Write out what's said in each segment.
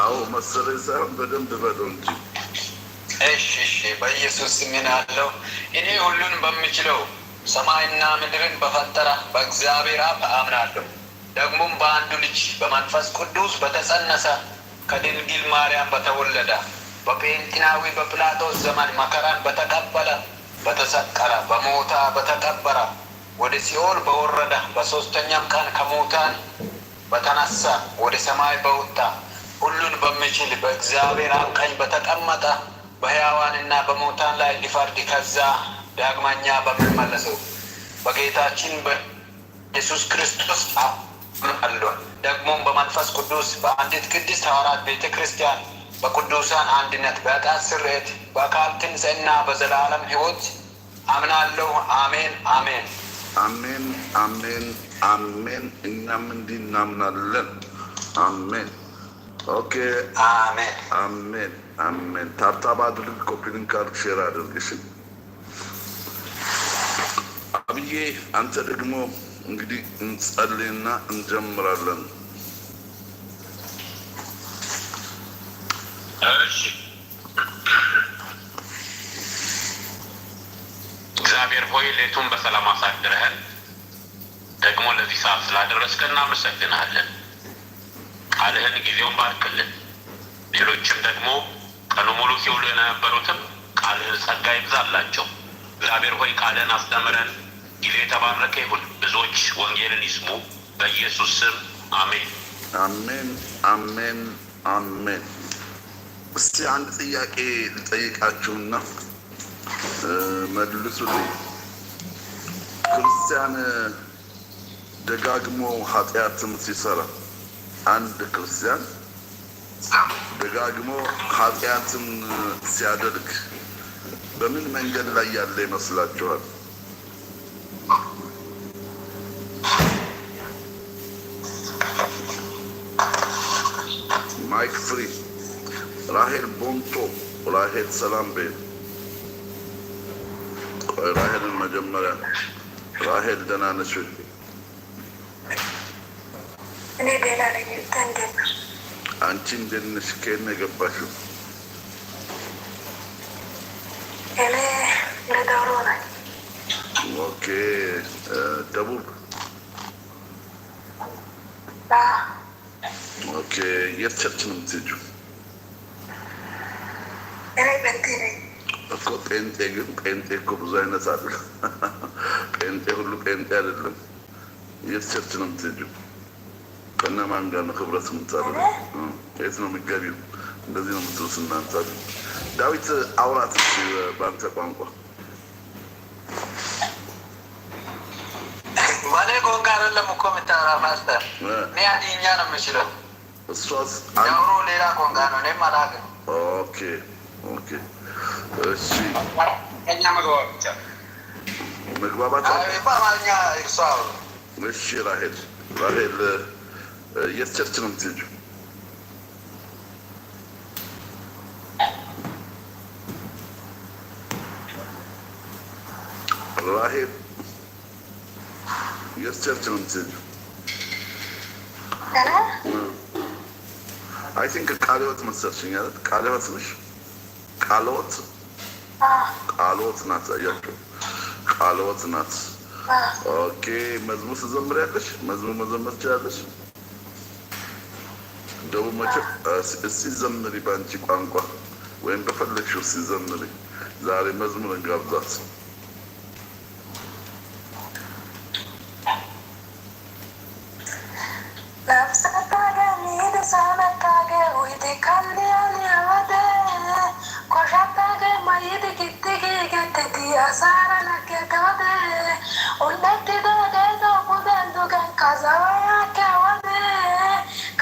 አዎ መሰለኝ ሳይሆን በደንብ በለው እንጂ። እሺ እሺ፣ በኢየሱስ ስም አለው። እኔ ሁሉን በምችለው ሰማይና ምድርን በፈጠረ በእግዚአብሔር አብ አምናለሁ። ደግሞም በአንዱ ልጅ በመንፈስ ቅዱስ በተጸነሰ ከድንግል ማርያም በተወለደ በጴንጤናዊ በፕላቶስ ዘመን መከራን በተቀበለ በተሰቀለ በሞታ በተቀበረ ወደ ሲኦል በወረደ በሦስተኛም ቀን ከሞታን በተነሳ ወደ ሰማይ በወጣ ሁሉን በሚችል በእግዚአብሔር አብቀኝ በተቀመጠ በሕያዋንና በሞታን ላይ ሊፈርድ ከዛ ዳግመኛ በምንመለሰው በጌታችን በኢየሱስ ክርስቶስ አሉ። ደግሞም በመንፈስ ቅዱስ በአንዲት ቅድስት ሐዋርያት ቤተ ክርስቲያን በቅዱሳን አንድነት በዕጣት ስርየት በአካል ትንሣኤና በዘላለም ሕይወት አምናለሁ። አሜን አሜን አሜን አሜን አሜን። እኛም እንዲህ እናምናለን። አሜን ኦኬ አሜን አሜን አሜን። ታብታብ አድርግ፣ ኮፒሊንክ ካርድ ሼር አድርግሽ። አብዬ አንተ ደግሞ እንግዲህ እንጸልይና እንጀምራለን። እግዚአብሔር ሆይ ሌቱን በሰላም አሳድረህን ደግሞ ለዚህ ሰዓት ስላደረስከ እናመሰግናለን። ቃልህን ጊዜውን ባርክልን። ሌሎችም ደግሞ ቀኑ ሙሉ ሲውሉ የነበሩትም ቃልህን ጸጋ ይብዛላቸው። እግዚአብሔር ሆይ ቃልህን አስተምረን። ጊዜ የተባረከ ይሁን። ብዙዎች ወንጌልን ይስሙ። በኢየሱስ ስም አሜን፣ አሜን፣ አሜን፣ አሜን። እስቲ አንድ ጥያቄ ልጠይቃችሁና መልሱልኝ። ክርስቲያን ደጋግሞ ኃጢአትም ሲሰራ አንድ ክርስቲያን ደጋግሞ ኃጢአትን ሲያደርግ በምን መንገድ ላይ ያለ ይመስላችኋል? ማይክ ፍሪ፣ ራሄል ቦንቶ፣ ራሄል ሰላም ቤት፣ ራሄልን መጀመሪያ ራሄል ደህና ነሽ? እኔ ሌላ ነኝ። እንዴት ነው አንቺ? እንዴት ነሽ? ከየት ነው የገባሽው? እኔ ለዶሮ ነኝ። ኦኬ። ደቡብ ኦኬ። የት ቸርች ነው የምትሄጂው? እኔ ጴንጤ ነኝ እኮ። ጴንጤ ግን ጴንጤ እኮ ብዙ አይነት አለ። ጴንጤ ሁሉ ጴንጤ አይደለም። የት ቸርች ነው የምትሄጂው? ከእነማን ጋር ነው ህብረት የምታደርገው? የት ነው የሚገቢው? እንደዚህ ነው የምትሉት እናንተ። ዳዊት አውራት በአንተ ቋንቋ ማኔ ጎንጋ አይደለም እኮ የምታወራ እኔ ነው የምችለው። እሷስ ያውሮ ሌላ ጎንጋ ነው። እኔም አላውቅም። ኦኬ ኦኬ። እሺ መግባባት ብቻ መግባባት። በአማርኛ እሺ። ራሄል ራሄል የት ቸርች ነው የምትሄጂው? ራሄል የት ቸርች ነው የምትሄጂው? አይ ቲንክ ቃለ ሕይወት መሰለሽኝ አይደል? ነሽ። ቃለ ሕይወት ናት። አያቸው ቃለ ናት። ኦኬ መዝሙር ትዘምሪያለሽ? መዝሙር መዘመር ትችላለሽ? እንደው መቼ ሲዘምሪ በአንቺ ቋንቋ ወይም በፈለግሽው ሲዘምሪ ዛሬ መዝሙር እንጋብዛት። Kazara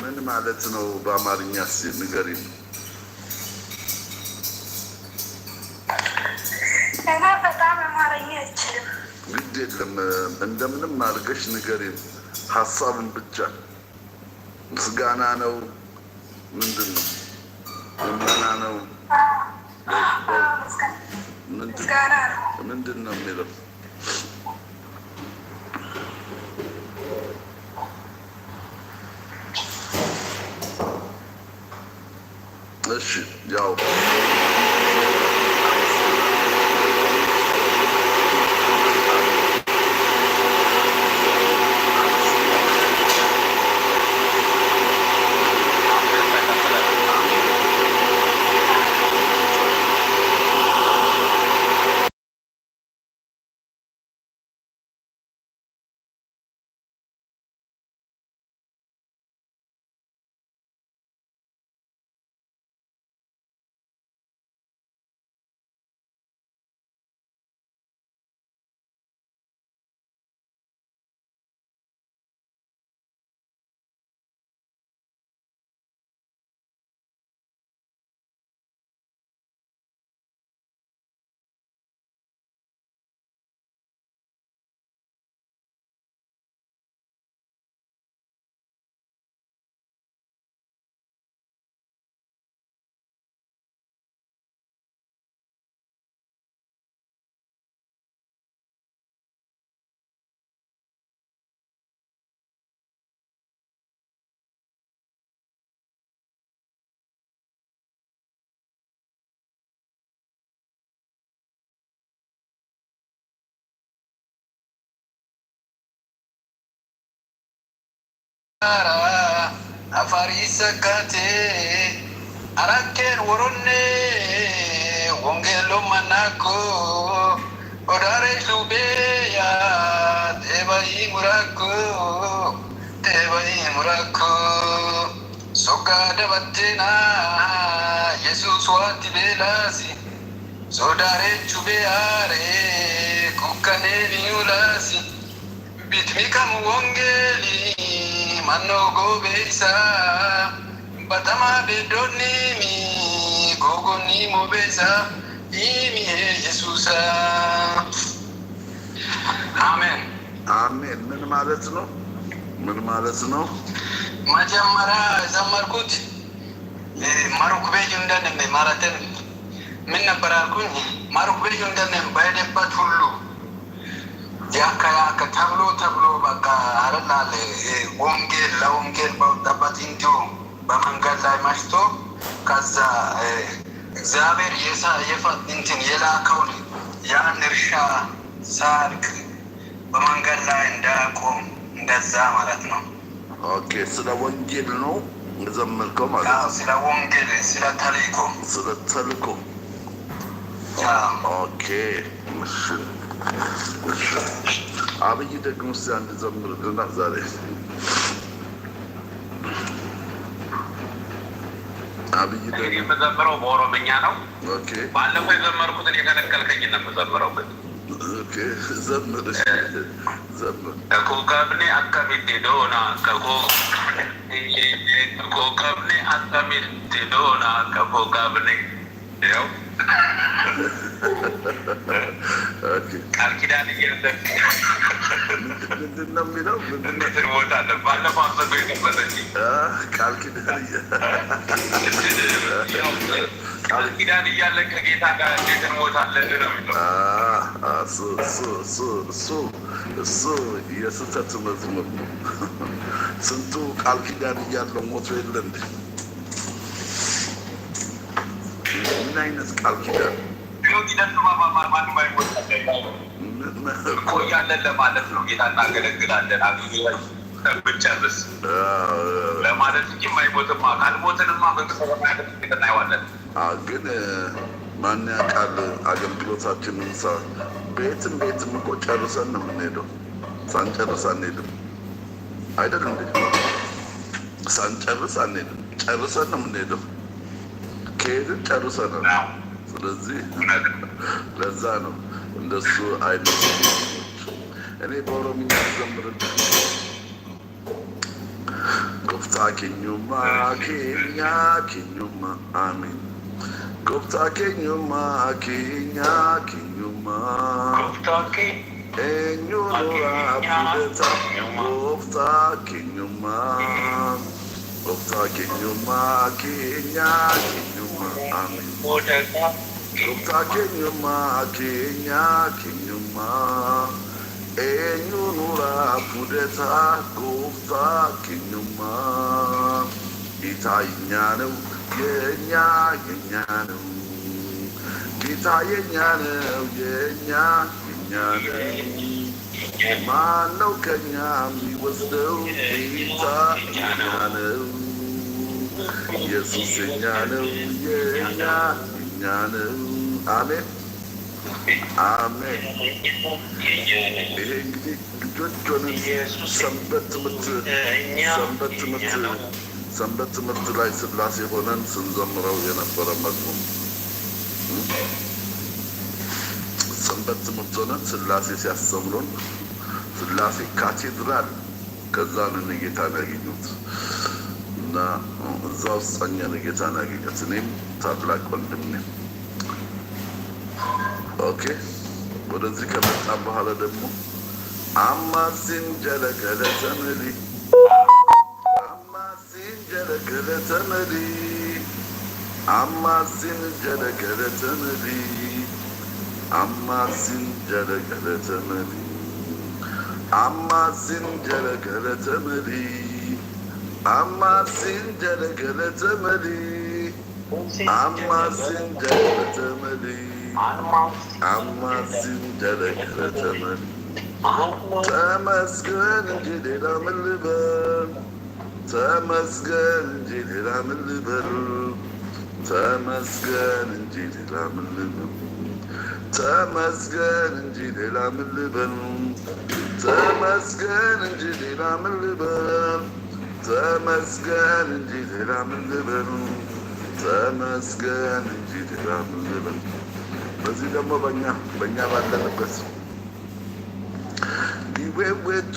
ምን ማለት ነው? በአማርኛ ንገሪኝ። ግድ የለም እንደምንም አድርገሽ ንገሪኝ። ሀሳብን ብቻ ምስጋና ነው። ምንድን ነው? ልመና ነው። ምንድን ነው የሚለው? እሺ ያው Afarisa kate, afariisakate arakkeen worunne wongeelloo mannaakko ya, lubeeya deebayii muraakko deebayii Soka sogaa dabatteena yesuus waatti beelaasi sodaaree chubeyaaree kukkanee biyuulaasi bitmikam wongeelii mannoo goobeeysa batamaa beeddoonni mi googonni moobeeysa imihe yesuuሳ አሜን አሜን። ምን ማለት ነው? ምን ማለት ነው? መጀመሪያ የዘመርኩት ማሩክ ቤጅ እንደነ ማለትም ምን ነበር አልኩኝ። ማሩክ ቤጅ እንደነ በሄደበት ሁሉ ያከያከ ተብሎ ተብሎ በቃ አረናል ወንጌል ለወንጌል በወጣበት እንዲሁ በመንገድ ላይ መሽቶ ከዛ እግዚአብሔር እንትን የላከውን ያን እርሻ ሳርቅ በመንገድ ላይ እንዳያቆም እንደዛ ማለት ነው። ኦኬ ስለ ወንጌል ነው የዘመርከው ማለት ነው። ስለ ወንጌል ስለ ተልእኮ ስለ ተልእኮ ኦኬ። እሺ እሺ አብይ ደግሞ ስ አንድ ዘምርልና ዛሬ አብይ ደግሞ የምዘምረው በኦሮምኛ ነው። ባለፈው የዘመርኩትን የከለከልከኝ ነው የምዘምረው ግን ዘምር ከኮከብኔ አካሚት ዶና ከኮከብኔ አካሚት ዶና ከኮከብኔ ያው ቃል ኪዳን ምንድን ነው የሚለው? ቃል ኪዳን እያለ ከጌታ ጋር እንዴት እንሞታለን የስህተት መዝሙር ነው። ስንቱ ቃል ኪዳን እያለው ሞቶ የለ እንዴ? ምን አይነት ቃል ኪዳን ኪደን ማንም አይወጣ እቆያለን ለማለት ነው። ጌታ እናገለግላለን ብንጨርስ ለማለት እንጂ ግን ማን ያውቃል? አገልግሎታችንን ቤትም ቤትም እኮ ጨርሰን ነው የምንሄደው። ሳንጨርስ አንሄድም። አይደለም እንዴ? ሳንጨርስ አንሄድም። ጨርሰን ነው የምንሄደው። ከሄድን ጨርሰን ነው ስለዚህ ለዛ ነው እንደሱ አይነት እኔ በኦሮምኛ ዘምርል ጎፍታ ኬኙማ ኬኛ ኬኙማ አሜን ጎፍታ ኬኙማ ኬኛ ኬኙማ ኤኙ ኑራ ፊደታ ጎፍታ ኬኙማ ጎፍታ ኬኙማ ኬኛ ኬኙ Tukka keenyummaa keenyaa keenyummaa eenyu nurraa fuudhetaa gooftaa keenyummaa ጌታ የኛ ነው የኛ የኛ ነው ጌታ የኛ ነው የኛ የኛ ነው ማን ነው ከኛ የሚወስደው ጌታ የኛ ነው ኢየሱስ እኛ ነው፣ የእኛ እኛ ነው። አሜን አሜን። ይሄ እንግዲህ ልጆች ሆነን ሰንበት ትምህርት ሰንበት ትምህርት ሰንበት ትምህርት ላይ ስላሴ ሆነን ስንዘምረው የነበረ መዝሙር ሰንበት ትምህርት ሆነን ስላሴ ሲያስተምሩን ስላሴ ካቴድራል ከዛ ንን ጌታን ያገኙት እና እዛ ውስጥ ጸኛን ጌታን አገኘት። እኔም ታላቅ ወንድም ኦኬ። ወደዚህ ከመጣም በኋላ ደግሞ አማሲን ጀለገለ ተመሪ አማሲን ጀለገለ ተመሪ አማሲን ጀለገለ ተመሪ አማሲን ጀለገለ ተመሪ አማሲን ጀለገለ ተመሪ Amma sincanı kılıçamadı. Amma sincanı kılıçamadı. Amma sincanı kılıçamadı. ተመስገን እንጂ ሌላ ምን ልበል? ተመስገን እንጂ ሌላ ምን ልበል? ተመስገን እንጂ ሌላ ምን ልበል? ተመስገን እንጂ ሌላ ምን ልበል? ተመስገን እንጂ ሌላ ምን ልበል? ተመስገን እንጂ ሌላ ምን ልበሉ? ተመስገን እንጂ ሌላ ምን ልበሉ? በዚህ ደግሞ በእኛ በእኛ ባለንበት ኒዌዌቱ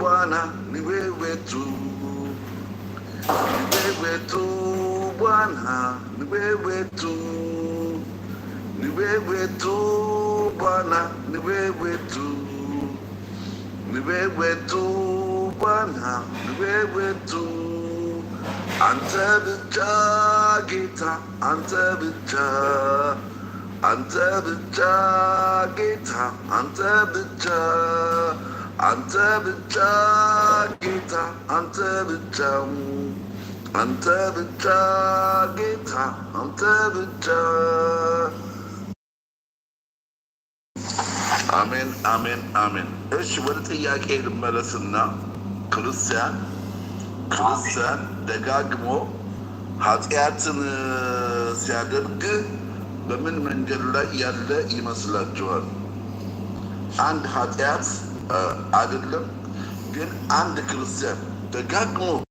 ቧና ኒዌዌቱ ኒዌዌቱ ቧና ኒዌዌቱ ni wewe tu Bwana, ni wewe tu, ni tu ዋና ግቤ ወቱ አንተ ብቻ ጌታ አንተ ብቻ አንተ ብቻ ጌታ አንተ ብቻ አንተ ብቻ ጌታ አንተ ብቻ አንተ ብቻ ጌታ አንተ ብቻ። አሜን አሜን አሜን። እሺ ወደ ጥያቄ ልመለስና ክርስቲያን ክርስቲያን ደጋግሞ ኃጢአትን ሲያደርግ በምን መንገድ ላይ ያለ ይመስላችኋል? አንድ ኃጢአት አይደለም፣ ግን አንድ ክርስቲያን ደጋግሞ